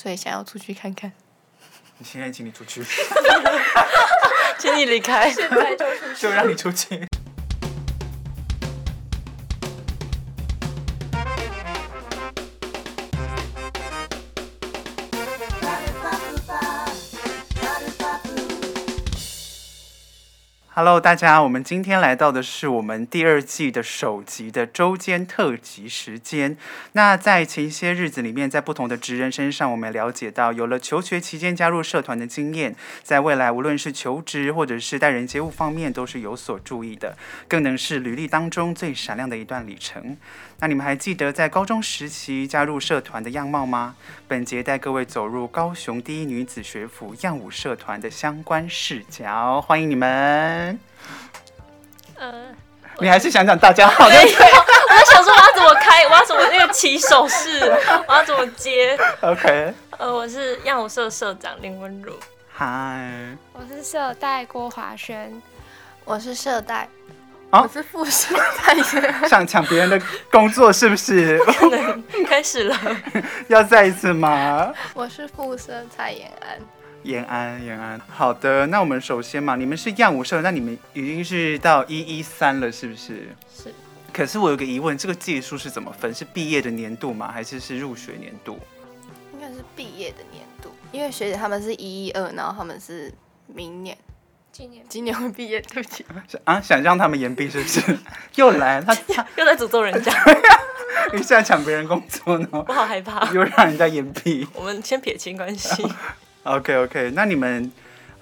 所以想要出去看看，你現在請你出去， 請你離開，現在就是、 就讓你出去。Hello，大家，我們今天來到的是我們第二季的首集的週間特輯時間。那在前些日子裡面，在不同的職人身上，我們也了解到，有了求學期間加入社團的經驗，在未來無論是求職或者是待人接物方面，都是有所助益的，更能是履歷當中最閃亮的一段里程。那你們還記得在高中時期加入社團的樣貌嗎？本節帶各位走入高雄第一女子學府漾舞社團的相關視角，歡迎你們。呃，你還是想講大家好的？對，我在想說我要怎麼開，我要怎麼那個起手式，我要怎麼接？OK。呃，我是漾舞社社長林文如，Hi。我是社代郭華軒，我是社代。哦、我是副社蔡延安， 想搶別人的工作是不是？不開始了， 要再一次嗎？我是副社蔡延安，延安延安，好的，那我們首先嘛，你們是漾舞社，那你們已經是到一一三了，是不是？是。可是我有個疑問，這個屆數是怎麼分？是畢業的年度嗎？還是是入學年度？應該是畢業的年度，因為學姐他們是一一二，然後他們是明年今年今年會畢業，對不起。想啊，想讓他們延畢是不是？ 又來他 又在詛咒人家，又 在搶別人工作呢？我好害怕，又讓人家延畢。 我們先撇清關係。 OK OK，那你們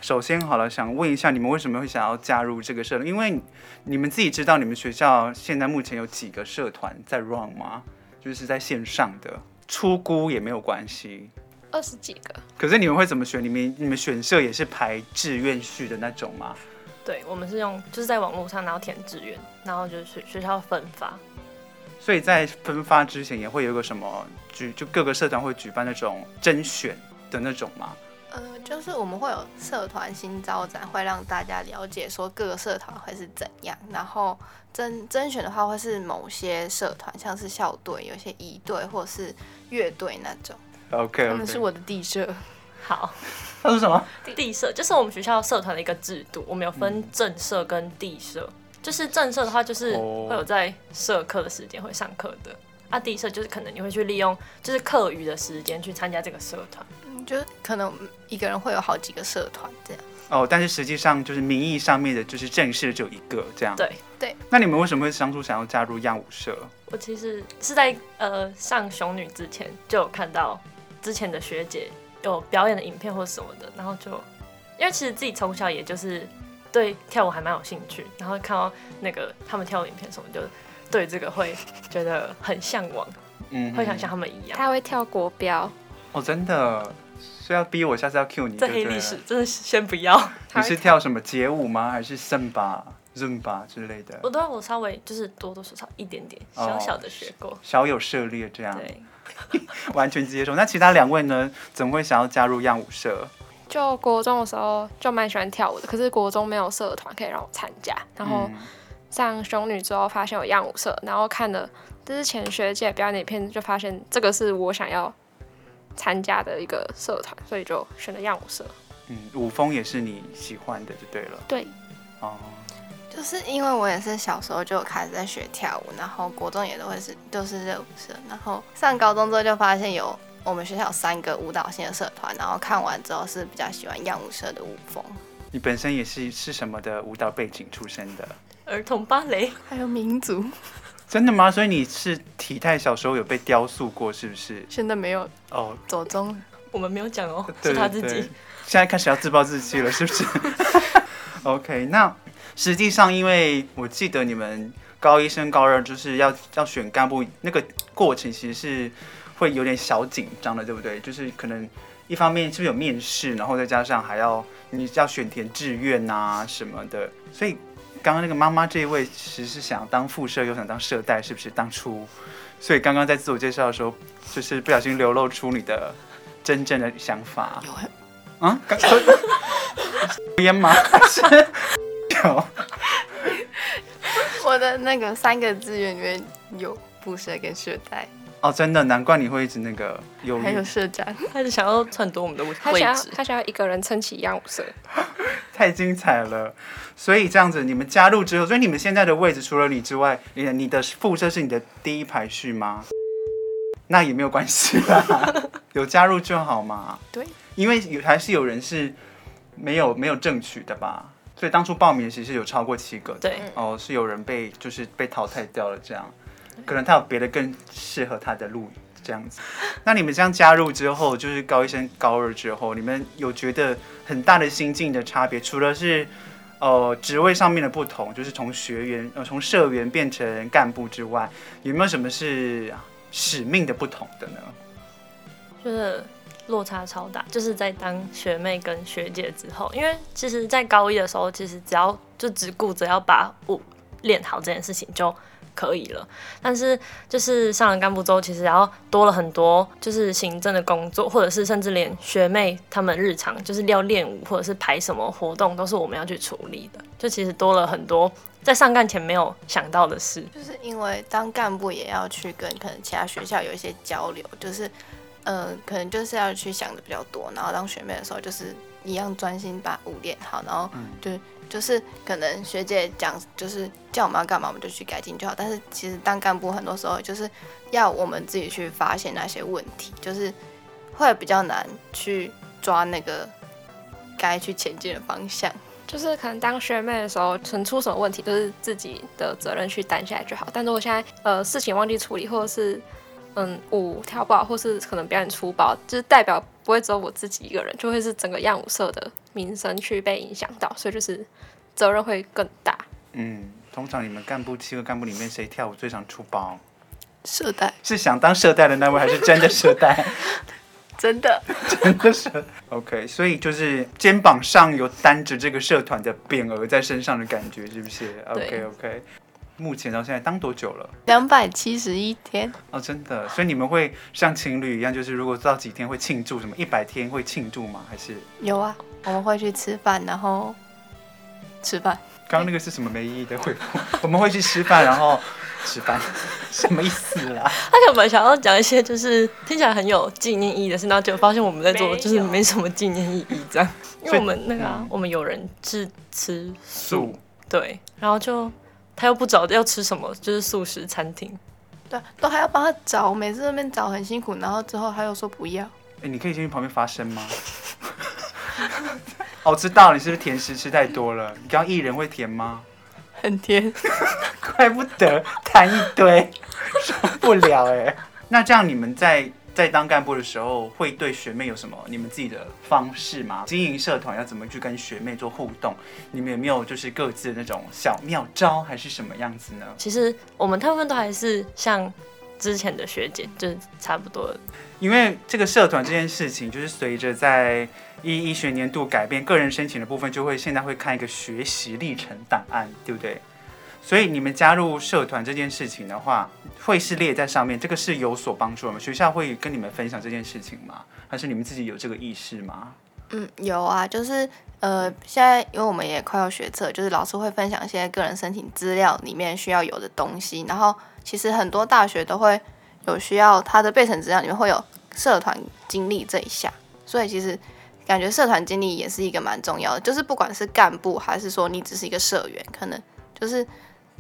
首先好了，想問一下你們為什麼會想要加入這個社？因為你們自己知道你們學校現在目前有幾個社團在 run 嗎？就是在線上的，粗估也沒有關係。二十幾個，可是你們會怎麼選？你們你們選社也是排志願序的那種嗎？對，我們是用就是在網絡上，然後填志願，然後就學學校分發。所以在分發之前也會有個什麼舉，就各個社團會舉辦那種甄選的那種嗎？呃，就是我們會有社團新招展，會讓大家了解說各個社團會是怎樣。然後甄甄選的話，會是某些社團，像是校隊、有一些儀隊或是樂隊那種。OK，那、okay. 是我的地社。好，他說什麼？地社就是我們學校社團的一個制度。我們有分正社跟地社。嗯、就是正社的話，就是會有在社課的時間、哦、會上課的。啊，地社就是可能你會去利用就是課餘的時間去參加這個社團。嗯，就是可能一個人會有好幾個社團這樣。哦，但是實際上就是名義上面的，就是正社就一個這樣。對對。對那你們為什麼會當初想要加入漾舞社？我其實是在呃上雄女之前就有看到。之前的學姐有表演的影片，或者什麼的，然後就，因為其實自己從小也就是對跳舞還蠻有興趣，然後看到那個他們跳舞影片什麼，就對這個會覺得很向往，嗯哼，會想像他們一樣。他會跳國標，我、哦、真的是要逼我下次要 cue 你。這黑歷史真的先不要。 你是跳什麼街舞嗎？還是森巴、倫巴之類的？我對，我稍微就是多多少少一點點小小的學過，小、哦、有涉獵這樣。對 完全接受，那其他兩位呢？怎麼會想要加入漾舞社？就國中的時候就蠻喜歡跳舞的，可是國中沒有社團可以讓我參加。然後上雄女之後，發現有漾舞社，然後看了就是前學姐表演影片，就發現這個是我想要參加的一個社團，所以就選了漾舞社。嗯，舞風也是你喜歡的，就對了。對。哦。Oh. 就是因為我也是小時候就有開始在學跳舞，然後國中也都會是都，就是熱舞社，然後上高中之後就發現有我們學校有三個舞蹈性的社團，然後看完之後是比較喜歡漾舞社的舞風。你本身也是是什麼的舞蹈背景出身的？兒童芭蕾還有民族。真的嗎？所以你是體態小時候有被雕塑過是不是？真的沒有哦，走鐘、oh. 鐘，我們沒有講哦，對對對是他自己。現在開始要自暴自棄了是不是 ？OK，那。實際上，因為我記得你們高一升高二就是要要選幹部那個過程，其實是會有點小緊張的，對不對？就是可能一方面是不是有面試，然後再加上還要你要選填志願啊什麼的。所以剛剛那個媽媽這一位其實是想當副社，又想當社代，是不是當初？所以剛剛在自我介紹的時候，就是不小心流露出你的真正的想法。有啊人，啊，剛編嗎？ 是 我的那個三個志願裡面有副社跟社代。哦，真的，難怪你會一直那個猶豫。還有社長， 他是想要很多我們的舞台，他想要一個人撐起一漾舞社， 太精彩了。所以這樣子，你們加入之後，所以你們現在的位置，除了你之外，你的，你的副社是你的第一排序嗎？ 那也沒有關係啦， 有加入就好嘛。對，因為有還是有人是沒有沒有正取的吧。所以當初報名其實是有超過七個的，對，哦，是有人被就是被淘汰掉了，這樣，可能他有別的更適合他的路這樣子。那你們這樣加入之後，就是高一升高二之後，你們有覺得很大的心境的差別？除了是呃職位上面的不同，就是從學員呃從社員變成幹部之外，有沒有什麼是使命的不同的呢？就是。落差超大，就是在當學妹跟學姐之後，因為其實，在高一的時候，其實只要就只顧着要把舞、哦、練好這件事情就可以了。但是，就是上了幹部之後，其實然後多了很多，就是行政的工作，或者是甚至連學妹他們日常就是要練舞，或者是排什麼活動，都是我們要去處理的。就其實多了很多在上幹前沒有想到的事，就是因為當幹部也要去跟可能其他學校有一些交流，就是。呃，可能就是要去想的比較多，然後當學妹的時候就是一樣專心把舞練好，然後就就是可能學姐講就是叫我們要幹嘛，我們就去改進就好。但是其實當幹部很多時候就是要我們自己去發現那些問題，就是會比較難去抓那個該去前進的方向。就是可能當學妹的時候，存出什麼問題，就是自己的責任去擔下來就好。但如果現在呃事情忘記處理，或者是。嗯，舞跳不好，或是可能表演出包，就是代表不會只有我自己一個人，就會是整個漾舞社的名聲去被影響到，所以就是責任會更大。嗯，通常你們幹部七個幹部裡面，誰跳舞最想出包？社代帶是想當社代的那位，還是真的社代？ 真的， 真的是。OK，所以就是肩膀上有擔着這個社團的匾額在身上的感覺，是不是？OK，OK。Okay, okay. 目前到現在當多久了？兩百七十一天哦，真的。所以你們會像情侶一樣，就是如果到幾天會慶祝什麼？一百天會慶祝嗎？還是有啊，我們會去吃飯，然後吃飯。剛剛那個是什麼沒意義的回覆？欸、我們會去吃飯，然後吃飯， 什麼意思啊？他可能想要講一些就是聽起來很有紀念意義的事，然後就發現我們在做就是沒什麼紀念意義，這樣。有因為我們那個，嗯、我們有人是吃素，素對，然後就。他又不找，要吃什麼？就是素食餐廳。對，都還要幫他找，每次那邊找很辛苦。然後之後他又說不要。哎、欸，你可以先去旁邊發聲嗎？我、 哦、知道你是不是甜食吃太多了？你剛藝人會甜嗎？很甜， 怪不得痰一堆受不了哎、欸。那這樣你們在。在當幹部的時候，會對學妹有什麼你們自己的方式嗎？經營社團要怎麼去跟學妹做互動？你們有沒有就是各自的那種小妙招，還是什麼樣子呢？其實我們大部分都還是像之前的學姐，就是差不多。因為這個社團這件事情，就是隨着在一一一學年度改變個人申請的部分，就會現在會看一個學習歷程檔案，對不對？所以你們加入社團這件事情的話，會是列在上面？這個是有所幫助嗎？學校會跟你們分享這件事情嗎？還是你們自己有這個意識嗎？嗯，有啊，就是呃，現在因為我們也快要學測，就是老師會分享一些個人申請資料裡面需要有的東西。然後其實很多大學都會有需要他的備審資料裡面會有社團經歷這一項。所以其實感覺社團經歷也是一個蠻重要的，就是不管是幹部還是說你只是一個社員，可能就是。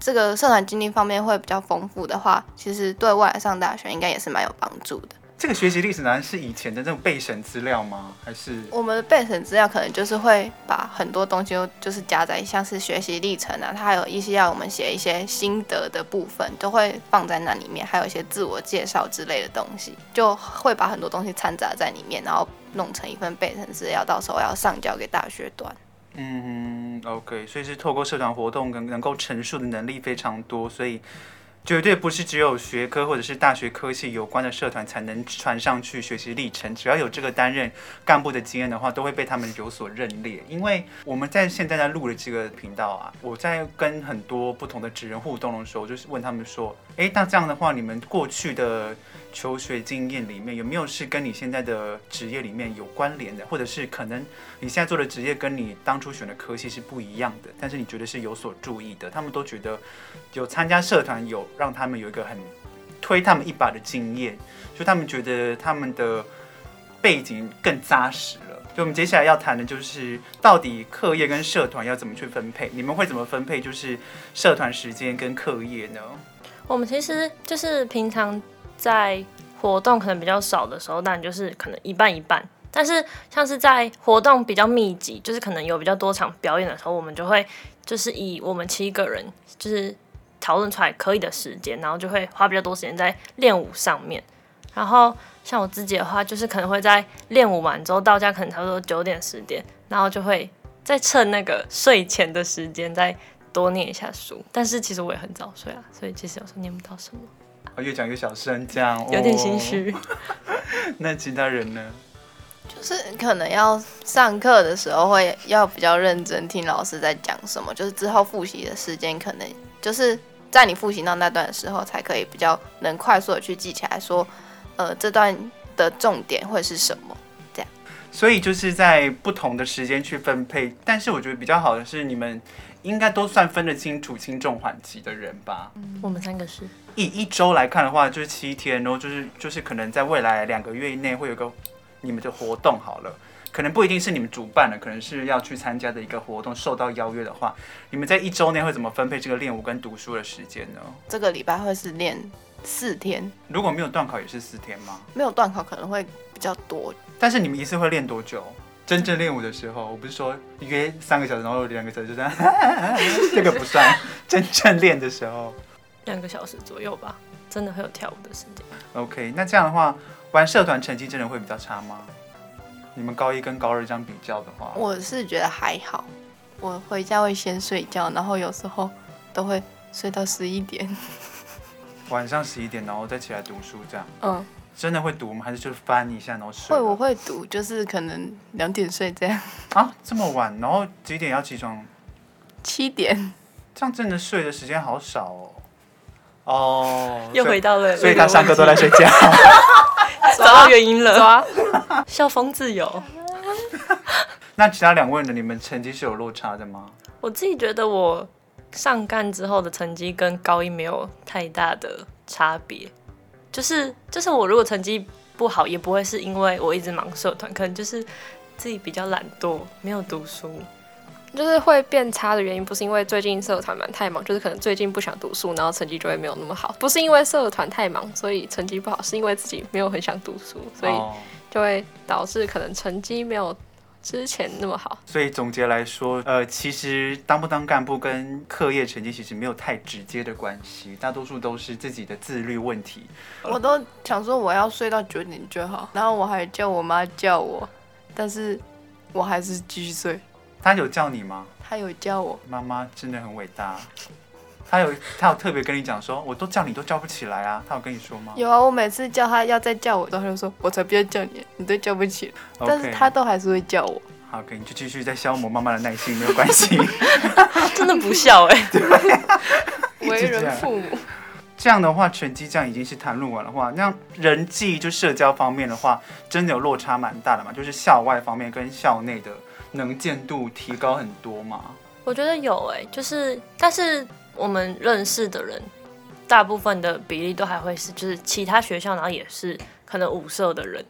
這個社團經歷方面會比較豐富的話，其實對未來上大學應該也是蠻有幫助的。這個學習歷程欄是以前的那種備審資料嗎？還是我們的備審資料可能就是會把很多東西，都就是加在，像是學習歷程啊，它還有一些要我們寫一些心得的部分，都會放在那裡面，還有一些自我介紹之類的東西，就會把很多東西摻雜在裡面，然後弄成一份備審資料，到時候要上交給大學端。嗯，OK，所以是透過社團活動，跟能夠陳述的能力非常多，所以絕對不是只有學科或者是大學科系有關的社團才能傳上去學習歷程。只要有這個擔任幹部的經驗的話，都會被他們有所認列。因為我們在現在在錄的這個頻道啊，我在跟很多不同的職人互動的時候，我就是問他們說：“哎、欸，那這樣的話，你們過去的……”求學經驗裡面有沒有是跟你現在的職業裡面有關聯的，或者是可能你現在做的職業跟你當初選的科系是不一樣的，但是你覺得是有所助益的？他們都覺得有參加社團有，有讓他們有一個很推他們一把的經驗，就他們覺得他們的背景更扎實了。就我們接下來要談的就是到底課業跟社團要怎麼去分配？你們會怎麼分配？就是社團時間跟課業呢？我們其實就是平常。在活動可能比較少的時候，那就是可能一半一半。但是像是在活動比較密集，就是可能有比較多場表演的時候，我們就會就是以我們七個人就是討論出來可以的時間，然後就會花比較多時間在練舞上面。然後像我自己的話，就是可能會在練舞完之後到家，可能差不多九點十點，然後就會再趁那個睡前的時間再多念一下書。但是其實我也很早睡啊，所以其實有時候念不到什麼。哦，越講越小聲，這樣有點心虛。哦，那其他人呢？就是可能要上課的時候會要比較認真聽老師在講什麼，就是之後複習的時間可能就是在你複習到那段的時候才可以比較能快速的去記起來說，說呃這段的重點會是什麼這樣。所以就是在不同的時間去分配，但是我覺得比較好的是你們。應該都算分得清楚輕重緩急的人吧，嗯。我們三個是以一周來看的話，就是七天，哦，然後就是就是可能在未來兩個月以內會有個你們的活動好了，可能不一定是你們主辦的，可能是要去參加的一個活動，受到邀約的話，你們在一周內會怎麼分配這個練舞跟讀書的時間呢？這個禮拜會是練四天，如果沒有段考也是四天嗎？沒有段考可能會比較多，但是你們一次會練多久？真正練舞的時候，我不是說約三個小時，然後兩個小時就這樣， 這個不算。 真正練的時候，兩個小時左右吧，真的很有跳舞的時間。OK，那這樣的話，玩社團成績真的會比較差嗎？你們高一跟高二這樣比較的話，我是覺得還好。我回家會先睡覺，然後有時候都會睡到十一點， 晚上十一點，然後再起來讀書這樣。嗯。真的會讀嗎？還是就是翻一下，然後睡？會，我會讀，就是可能兩點睡這樣。啊，這麼晚，然後幾點要起床？七點。這樣真的睡的時間好少哦。哦，又回到了。所以他上課都在睡覺。找 到原因了。校抓 風自由。哎、呀 那其他兩位呢？你們成績是有落差的嗎？我自己覺得我上幹之後的成績跟高一沒有太大的差別。就是就是我如果成績不好，也不會是因為我一直忙社團，可能就是自己比較懶惰，沒有讀書，就是會變差的原因，不是因為最近社團蠻太忙，就是可能最近不想讀書，然後成績就會沒有那麼好。不是因為社團太忙，所以成績不好，是因為自己沒有很想讀書，所以就會導致可能成績沒有之前那麼好，所以總結來說，呃，其實當不當幹部跟課業成績其實沒有太直接的關係，大多數都是自己的自律問題。我都想說我要睡到九點就好，然後我還叫我媽叫我，但是我還是繼續睡。她有叫你嗎？她有叫我。媽媽真的很偉大。他有他有特別跟你講說，我都叫你都叫不起來啊，他有跟你說嗎？有啊，我每次叫他要再叫我，他就說，我才不要叫你，你都叫不起 Okay. 但是他都還是會叫我。好，可以，你就繼續再消磨媽媽的耐心， 沒有關係。真的不孝哎、欸，對 為人父母這樣，這樣的話，成績這樣已經是談論完了話，那樣，人際就社交方面的話，真的有落差蠻大的嘛，就是校外方面跟校內的能見度提高很多嘛。我覺得有哎、欸，就是，但是。我們認識的人，大部分的比例都還會是，就是其他學校，然後也是可能舞社的人，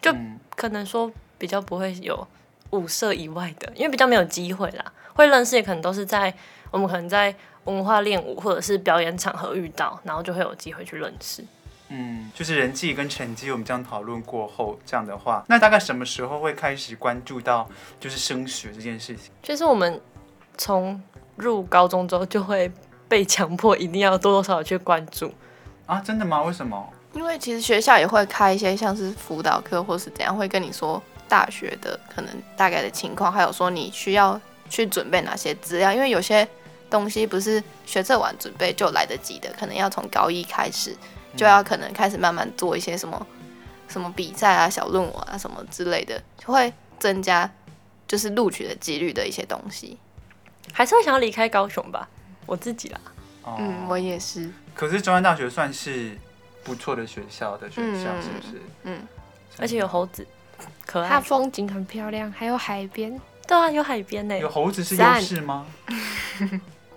就可能說比較不會有舞社以外的，因為比較沒有機會啦。會認識也可能都是在我們可能在文化練舞或者是表演場合遇到，然後就會有機會去認識。嗯，就是人際跟成績，我們這樣討論過後這樣的話，那大概什麼時候會開始關注到就是升學這件事情？就是我們從入高中之後就會，被強迫一定要多多少少去關注啊。真的嗎？為什麼？因為其實學校也會開一些像是輔導課，或是怎樣，會跟你說大學的可能大概的情況，還有說你需要去準備哪些資料。因為有些東西不是學測完準備就來得及的，可能要從高一開始就要可能開始慢慢做一些什麼、嗯、什麼比賽啊、小論文啊什麼之類的，就會增加就是錄取的幾率的一些東西。還是會想要離開高雄吧？我自己啦，嗯，我也是。可是中山大學算是不錯的學校的學校，嗯、是不是嗯？嗯，而且有猴子，可愛，風景很漂亮，還有海邊。對啊，有海邊呢。有猴子是優勢嗎？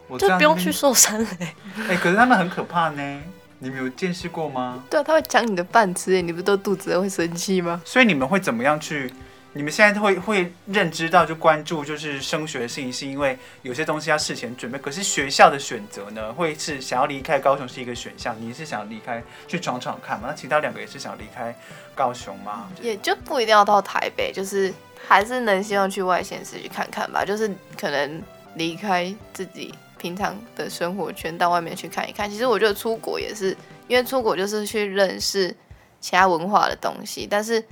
我就不用去受傷害。哎、欸，可是他們很可怕呢，你們有見識過嗎？對啊，他會搶你的飯吃，你不都肚子會生氣嗎？所以你們會怎麼樣去？你們現在會會認知到，就關注就是升學的事情，是因為有些東西要事前準備。可是學校的選擇呢，會是想要離開高雄是一個選項？你是想要離開去闖闖看嗎？那其他兩個也是想要離開高雄嗎？也就不一定要到台北，就是還是能希望去外縣市去看看吧。就是可能離開自己平常的生活圈，到外面去看一看。其實我覺得出國也是，因為出國就是去認識其他文化的東西，但是。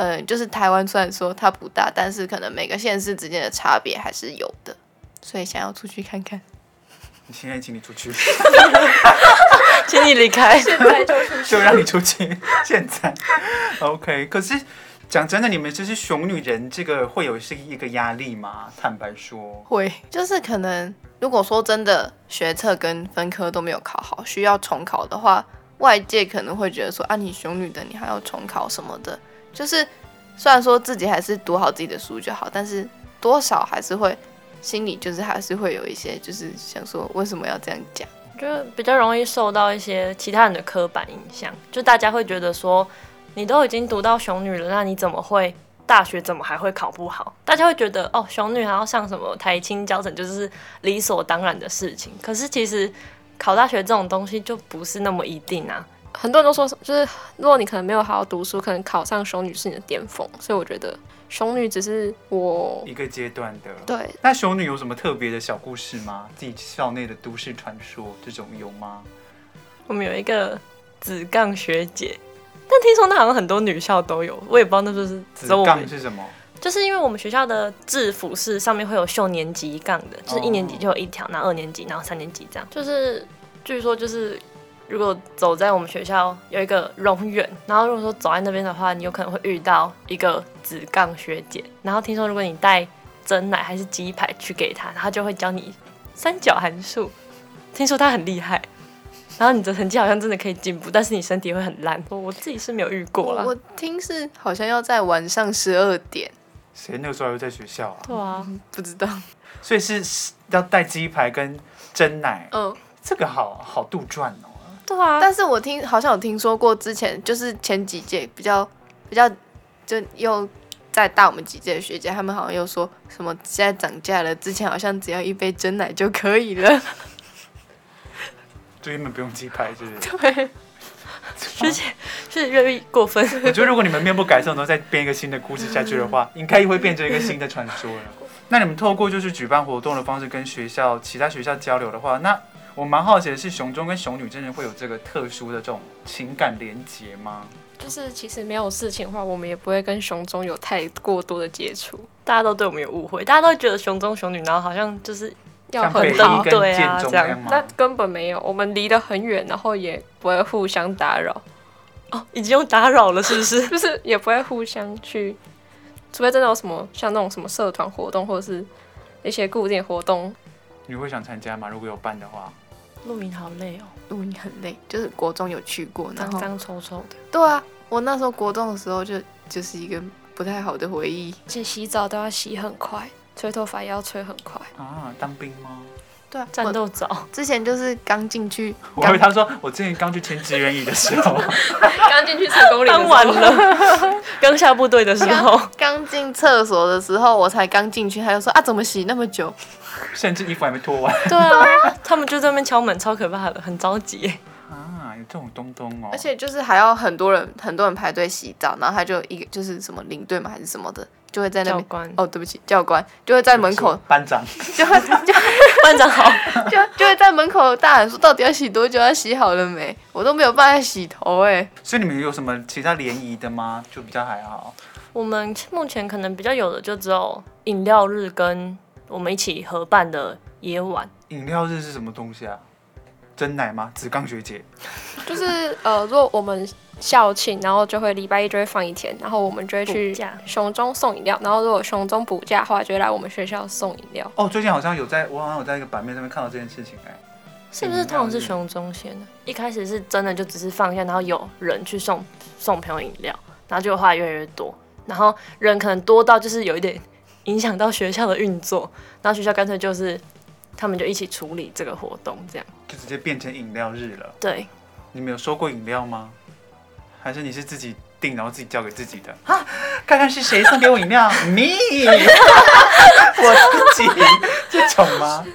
嗯，就是台灣雖然說它不大，但是可能每個縣市之間的差別還是有的，所以想要出去看看。你現在請你出去， 請你離開，現在就出去，就讓你出去，現在。OK，可是講真的，你們就是雄女人，這個會有是一個壓力嗎？坦白說，會，就是可能如果說真的學測跟分科都沒有考好，需要重考的話，外界可能會覺得說，啊，你雄女的，你還要重考什麼的。就是，雖然說自己還是讀好自己的書就好，但是多少還是會心裡就是還是會有一些，就是想說為什麼要這樣講？就比較容易受到一些其他人的刻板印象，就大家會覺得說你都已經讀到雄女了，那你怎麼會大學怎麼還會考不好？大家會覺得哦，雄女還要上什麼台清交成，就是理所當然的事情，可是其實考大學這種東西就不是那麼一定啊。很多人都說，就是如果你可能沒有好好讀書，可能考上雄女是你的巔峰。所以我覺得雄女只是我一個階段的。對。那雄女有什麼特別的小故事嗎？自己校內的都市傳說這種有嗎？我們有一個子槓學姐，但聽說那好像很多女校都有，我也不知道那是不是。子槓是什麼？就是因為我們學校的制服是上面會有秀年級槓的，就是一年級就有一條，然後二年級，然後三年級這樣。哦、就是據說就是。如果走在我們學校有一個榮遠，然後如果說走在那邊的話，你有可能會遇到一個子槓學姐。然後聽說，如果你帶珍奶還是雞排去給她，她就會教你三角函數。聽說她很厲害，然後你的成績好像真的可以進步，但是你身體會很爛。我自己是沒有遇過啦。我聽是好像要在晚上十二點，誰那個時候又在學校啊？對啊、嗯，不知道。所以是要帶雞排跟珍奶？嗯、呃，這個好好杜撰哦。但是，我聽好像有聽說過，之前就是前幾屆比較比較，就又再大我們幾屆的學姐，他們好像又說什麼現在漲價了，之前好像只要一杯珍奶就可以了，你們不用雞排這些。對好而，而且是越越過分。我覺得如果你們面不改色，然後再編一個新的故事下去的話， 應該又會變成一個新的傳說 那你們透過就是舉辦活動的方式跟學校其他學校交流的話，那？我蠻好奇的是，雄中跟雄女真的會有這個特殊的這種情感連接嗎？就是其實沒有事情的話，我們也不會跟雄中有太過多的接觸。大家都對我們有誤會，大家都覺得雄中雄女，然後好像就是要很針對啊，這樣。那樣根本沒有，我們離得很遠，然後也不會互相打擾。哦，已經用打擾了，是不是？ 就是也不會互相去，除非真的有什麼像那種什麼社團活動，或者是一些固定活動。你會想參加嗎？如果有辦的話，露營好累哦，露營很累。就是國中有去過，髒髒臭臭的。對啊，我那時候國中的時候就就是一個不太好的回憶，而且洗澡都要洗很快，吹頭髮也要吹很快。啊，當兵嗎？對啊，戰鬥澡。之前就是剛進去，我跟他說，我之前剛去填志願役的時候， 剛進去廁所裡，剛完了，剛下部隊的時候剛，剛進廁所的時候，我才剛進去，他就說啊，怎麼洗那麼久？甚至衣服還沒脫完。對啊， 他們就在那邊敲門，超可怕的，很着急。啊，有這種東東哦。而且就是還要很多人，很多人排隊洗澡，然後他就一個就是什麼領隊嘛，還是什麼的。就會在那邊教官哦，對不起，教官就會在門口班長，就會就班長好，就 就，就會在門口大喊說， 到底要洗多久？要洗好了沒？我都沒有辦法洗頭哎。所以你們有什麼其他聯誼的嗎？就比較還好。我們目前可能比較有的就只有飲料日跟我們一起合辦的夜晚。飲料日是什麼東西啊？真奶嗎？子剛學姐 就是呃，如果我們校慶，然後就會禮拜一就會放一天，然後我們就會去雄中送飲料。然後如果雄中補假的話，後來就會來我們學校送飲料。哦，最近好像有在，我好像有在一個版面上面看到這件事情，欸、是不是他們是雄中先的？一開始是真的就只是放假，然後有人去送送朋友飲料，然後就話越來越多，然後人可能多到就是有一點影響到學校的運作，然後學校乾脆就是。他們就一起處理這個活動，這樣就直接變成飲料日了。對，你們有收過飲料嗎？還是你是自己訂然後自己交給自己的？啊，看看是誰送給我飲料，me，我自己 這種嗎？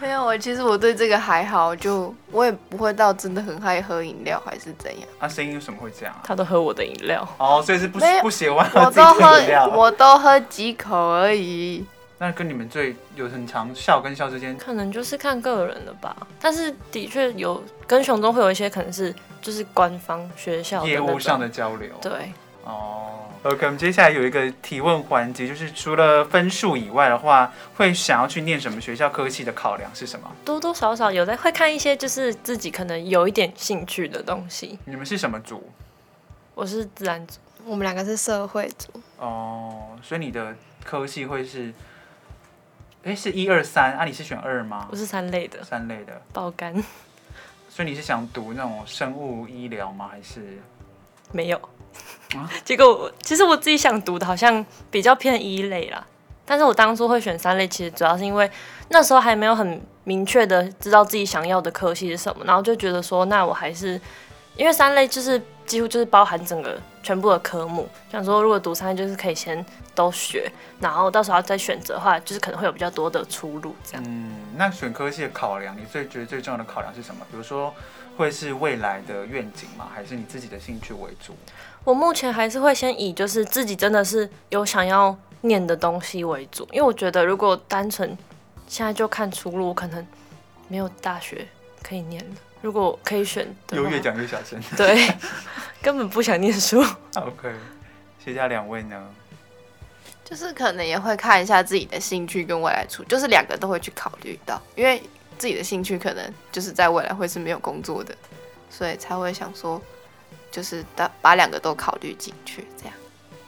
沒有，我其實我對這個還好，就我也不會到真的很愛喝飲料還是怎樣。他、啊、聲音為什麼會這樣、啊？他都喝我的飲料，哦，所以是不有不喜。我都喝，我都喝幾口而已。那跟你們最有很長校跟校之間，可能就是看個人了吧。但是的確有跟雄中會有一些，可能是就是官方學校、那個、業務上的交流。對，哦、oh，OK。我們接下來有一個提問環節，就是除了分數以外的話，會想要去念什麼學校？科系的考量是什麼？多多少少有在會看一些，就是自己可能有一點興趣的東西。你們是什麼組？我是自然組，我們兩個是社會組。哦，oh, 所以你的科系會是？哎，是一二三啊？你是選二嗎？我是三類的。三類的，爆肝。所以你是想讀那種生物醫療嗎？還是沒有？啊？結果我其實我自己想讀的，好像比較偏一類啦，但是我當初會選三類，其實主要是因為那時候還沒有很明確的知道自己想要的科系是什麼，然後就覺得說，那我還是因為三類就是幾乎就是包含整個。全部的科目，想說如果讀三，就是可以先都學，然後到時候再選擇的話，就是可能會有比較多的出路。這樣。嗯，那選科系的考量，你最覺得最重要的考量是什麼？比如說會是未來的願景嗎？還是你自己的興趣為主？我目前還是會先以就是自己真的是有想要念的東西為主，因為我覺得如果單純現在就看出路，我可能沒有大學可以念的。如果可以選，又越講越小聲，對， 根本不想念書。OK，接下來兩位呢？就是可能也會看一下自己的興趣跟未來處，就是兩個都會去考慮到，因為自己的興趣可能就是在未來會是沒有工作的，所以才會想說，就是把把兩個都考慮進去，這樣。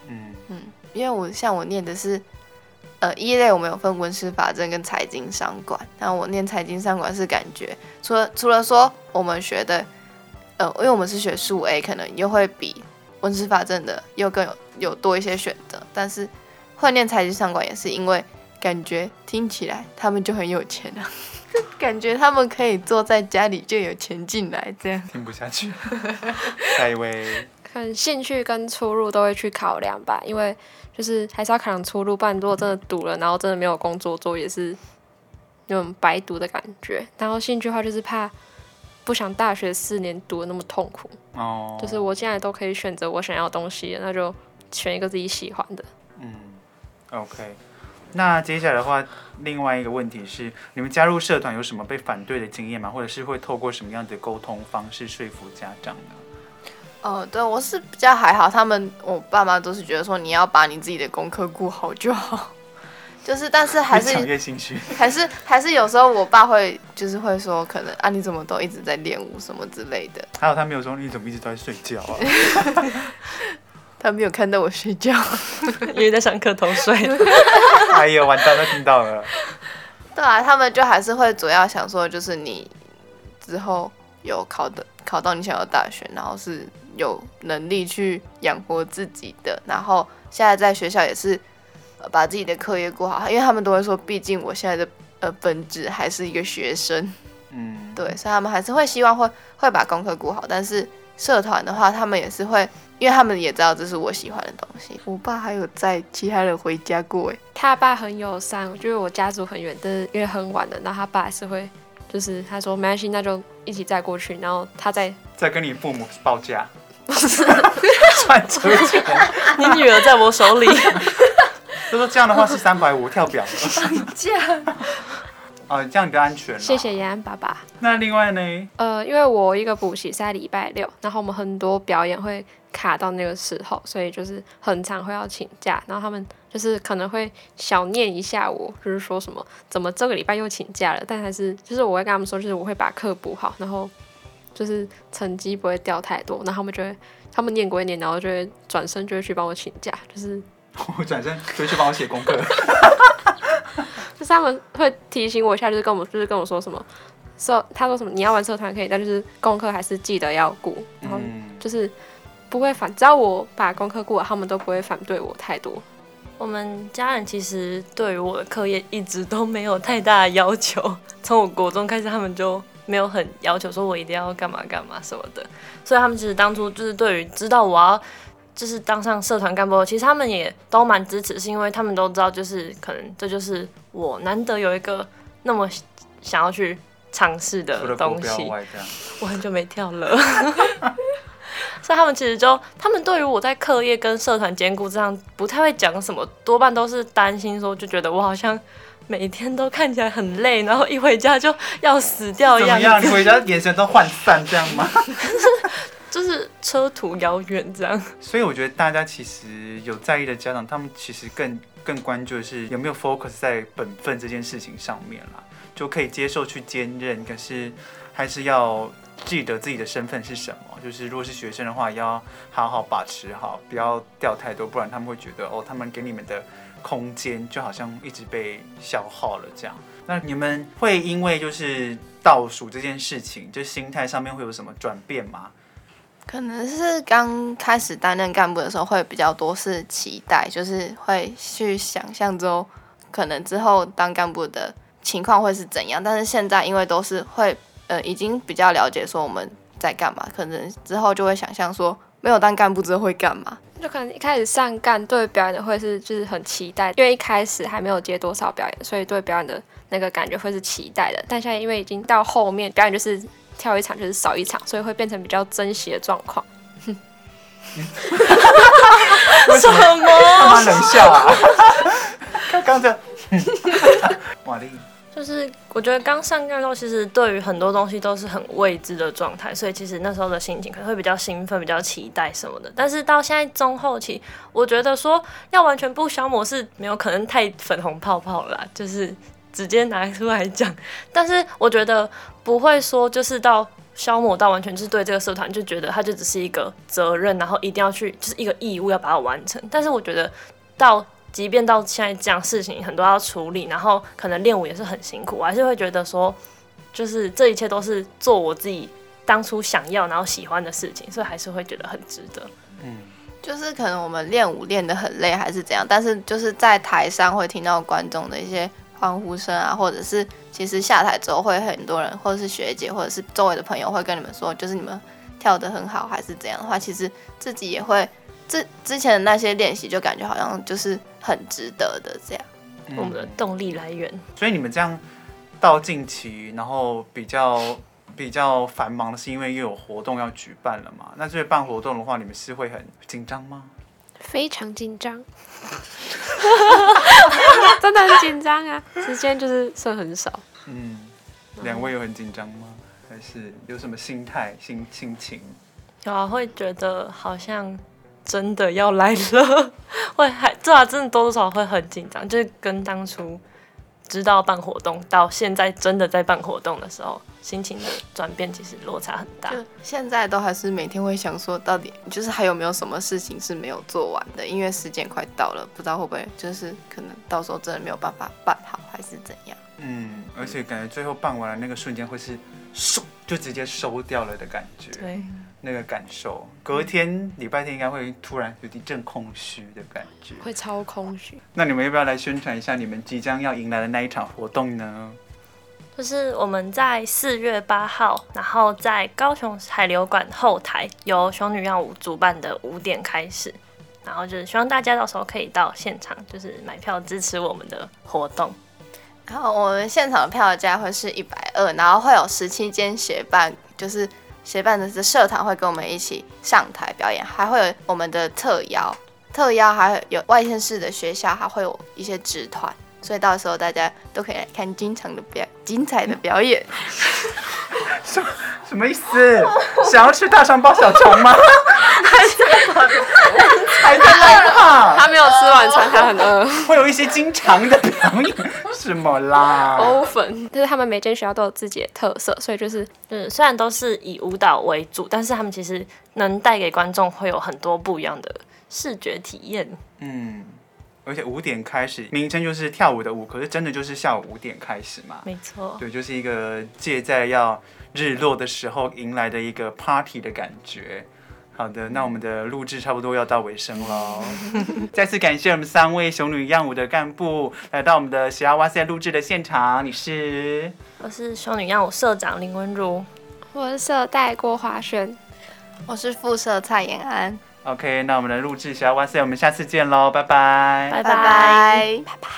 嗯嗯，因為我像我念的是。呃，一類我們有分文史法政跟財經商管，那我念財經商管是感覺，除了除了說我們學的，呃，因為我們是學數 A，可能又會比文史法政的又更有有多一些選擇，但是會念財經商管也是因為感覺聽起來他們就很有錢啊， 感覺他們可以坐在家裡就有錢進來這樣，聽不下去，下一位，看興趣跟出入都會去考量吧，因為。就是還是要考量出路，不然如果真的讀了，然後真的沒有工作做，也是那種白讀的感覺。然後興趣的話，就是怕不想大學四年讀得那麼痛苦，哦，oh. 就是我現在都可以選擇我想要的東西，那就選一個自己喜歡的。嗯，OK。那接下來的話，另外一個問題是，你們加入社團有什麼被反對的經驗嗎？或者是會透過什麼樣的溝通方式說服家長呢？哦、呃，對我是比較還好，他們我爸媽都是覺得說你要把你自己的功課顧好就好，就是但是還是還是還是有時候我爸會就是會說可能啊你怎麼都一直在練舞什麼之類的，還有他沒有說你怎麼一直都在睡覺啊， 他沒有看到我睡覺，因為在上課偷睡， 哎呦完蛋都聽到了，對啊，他們就還是會主要想說就是你之後有考的考到你想要的大學，然後是。有能力去養活自己的，然後現在在學校也是把自己的課業顧好，因為他們都會說，畢竟我現在的呃本職還是一個學生，嗯，對，所以他們還是會希望會會把功課顧好。但是社團的話，他們也是會，因為他們也知道這是我喜歡的東西。我爸還有載其他人回家過，哎，他爸很友善，就是我家族很遠，但是因為很晚了，然後他爸還是會，就是他說沒關係，那就一起載過去，然後他再再跟你父母報價。不是，賺錢。你女兒在我手裡。就說這樣的話是三百五跳表。請假哦。這樣比較安全。謝謝延安爸爸。那另外呢？呃，因為我一個補習是在禮拜六，然後我們很多表演會卡到那個時候，所以就是很常會要請假。然後他們就是可能會小念一下我，就是說什麼怎麼這個禮拜又請假了？但還是就是我會跟他們說，就是我會把課補好，然後。就是成績不會掉太多，然後他們就會，他們念歸念，然後就會轉身就會去幫我請假，就是我轉身就會去幫我寫功課， 就是他們會提醒我一下，就是跟我就是跟我說什麼，說、so, 他說什麼，你要玩社團可以，但就是功課還是記得要過，然後就是不會反，只要我把功課過了，他們都不會反對我太多。我們家人其實對於我的課業一直都沒有太大的要求，從我國中開始，他們就。沒有很要求說，我一定要幹嘛幹嘛什麼的，所以他們其實當初就是對於知道我要就是當上社團幹部，其實他們也都蠻支持，是因為他們都知道，就是可能這就是我難得有一個那麼想要去嘗試的東西。我，我很久沒跳了， 所以他們其實就他們對於我在課業跟社團兼顧這樣，不太會講什麼，多半都是擔心說，就覺得我好像。每天都看起來很累，然後一回家就要死掉一樣。怎麼樣？你回家眼神都渙散這樣嗎？ 就是車途遙遠這樣。所以我覺得大家其實有在意的家長，他們其實更更關注的是有沒有 focus 在本分這件事情上面了，就可以接受去兼任，可是還是要。記得自己的身份是什麼，就是如果是學生的話，要好好把持好，不要掉太多，不然他們會覺得哦，他們給你們的空間就好像一直被消耗了這樣。那你們會因為就是倒數這件事情，就心態上面會有什麼轉變嗎？可能是剛開始擔任幹部的時候會比較多是期待，就是會去想象之後可能之後當幹部的情況會是怎樣，但是現在因為都是會。呃、嗯，已經比較了解說我們在幹嘛，可能之後就會想象說沒有當幹部之後會幹嘛，就可能一開始上幹對表演的會是就是很期待，因為一開始還沒有接多少表演，所以對表演的那個感覺會是期待的。但現在因為已經到後面表演，就是跳一場就是少一場，所以會變成比較珍惜的狀況。 為什麼？他冷麼笑啊！剛剛 這樣， 瓦就是我覺得剛上任的時候，其實對於很多東西都是很未知的狀態，所以其實那時候的心情可能會比較興奮、比較期待什麼的。但是到現在中後期，我覺得說要完全不消磨是沒有可能，太粉紅泡泡啦，就是直接拿出來講。但是我覺得不會說就是到消磨到完全就是對這個社團就覺得它就只是一個責任，然後一定要去就是一個義務要把它完成。但是我覺得到。即便到現在這樣事情很多要處理，然後可能練舞也是很辛苦，我還是會覺得說，就是這一切都是做我自己當初想要然後喜歡的事情，所以還是會覺得很值得。嗯，就是可能我們練舞練得很累還是怎樣，但是就是在台上會聽到觀眾的一些歡呼聲啊，或者是其實下台之後會很多人，或者是學姐或者是周圍的朋友會跟你們說，就是你們跳得很好還是怎樣的話，其實自己也會之之前的那些練習就感覺好像就是。很值得的，這樣、嗯、我們的動力來源。所以你們這樣到近期，然後比較比較繁忙的是因為又有活動要舉辦了嘛？那這些辦活動的話，你們是會很緊張嗎？非常緊張， 真的很緊張啊！時間就是剩很少。嗯，兩位有很緊張嗎？還是有什麼心態心心情？有啊，會覺得好像。真的要來了，會還對啊，真的多多少少會很緊張，就是跟當初知道辦活動到現在真的在辦活動的時候，心情的轉變其實落差很大。就現在都還是每天會想說，到底就是還有沒有什麼事情是沒有做完的，因為時間快到了，不知道會不會就是可能到時候真的沒有辦法辦好，還是怎樣？嗯，而且感覺最後辦完的那個瞬間，會是收就直接收掉了的感覺。對。那個感受，隔天禮拜天應該會突然有一陣空虛的感覺，會超空虛。那你們要不要來宣傳一下你們即將要迎來的那一場活動呢？就是我們在四月八號，然後在高雄海流館後台由雄女漾舞主辦的舞點開始，然後就是希望大家到時候可以到現場，就是買票支持我們的活動。然後我們現場的票價會是一百二，然後會有十七間協辦，就是。協辦的是社團會跟我們一起上台表演，還會有我們的特邀，特邀還有外縣市的學校，還會有一些職團。所以到時候大家都可以來看經常的表精彩的表演，什、嗯、 什麼意思？想要吃大腸包小腸嗎？還在害怕？他沒有吃晚餐，啊、他很餓。會有一些經常的表演，什麼 啦？歐粉就是他們每間學校都有自己的特色，所以就是嗯，就是、雖然都是以舞蹈為主，但是他們其實能帶給觀眾會有很多不一樣的視覺體驗。嗯。而且五點開始，名稱就是跳舞的舞，可是真的就是下午五點開始嘛？沒錯錯，對，就是一個借在要日落的時候迎來的一個 party 的感覺。好的，那我們的錄製差不多要到尾聲了， 再次感謝我們三位雄女漾舞的幹部來到我們的西啊灣 SAY 錄製的現場。你是？我是雄女漾舞社長林文如，我是社代郭華軒，我是副社蔡延安。OK，那我們來錄製一下，哇塞！我們下次見咯，拜拜，拜拜，拜拜。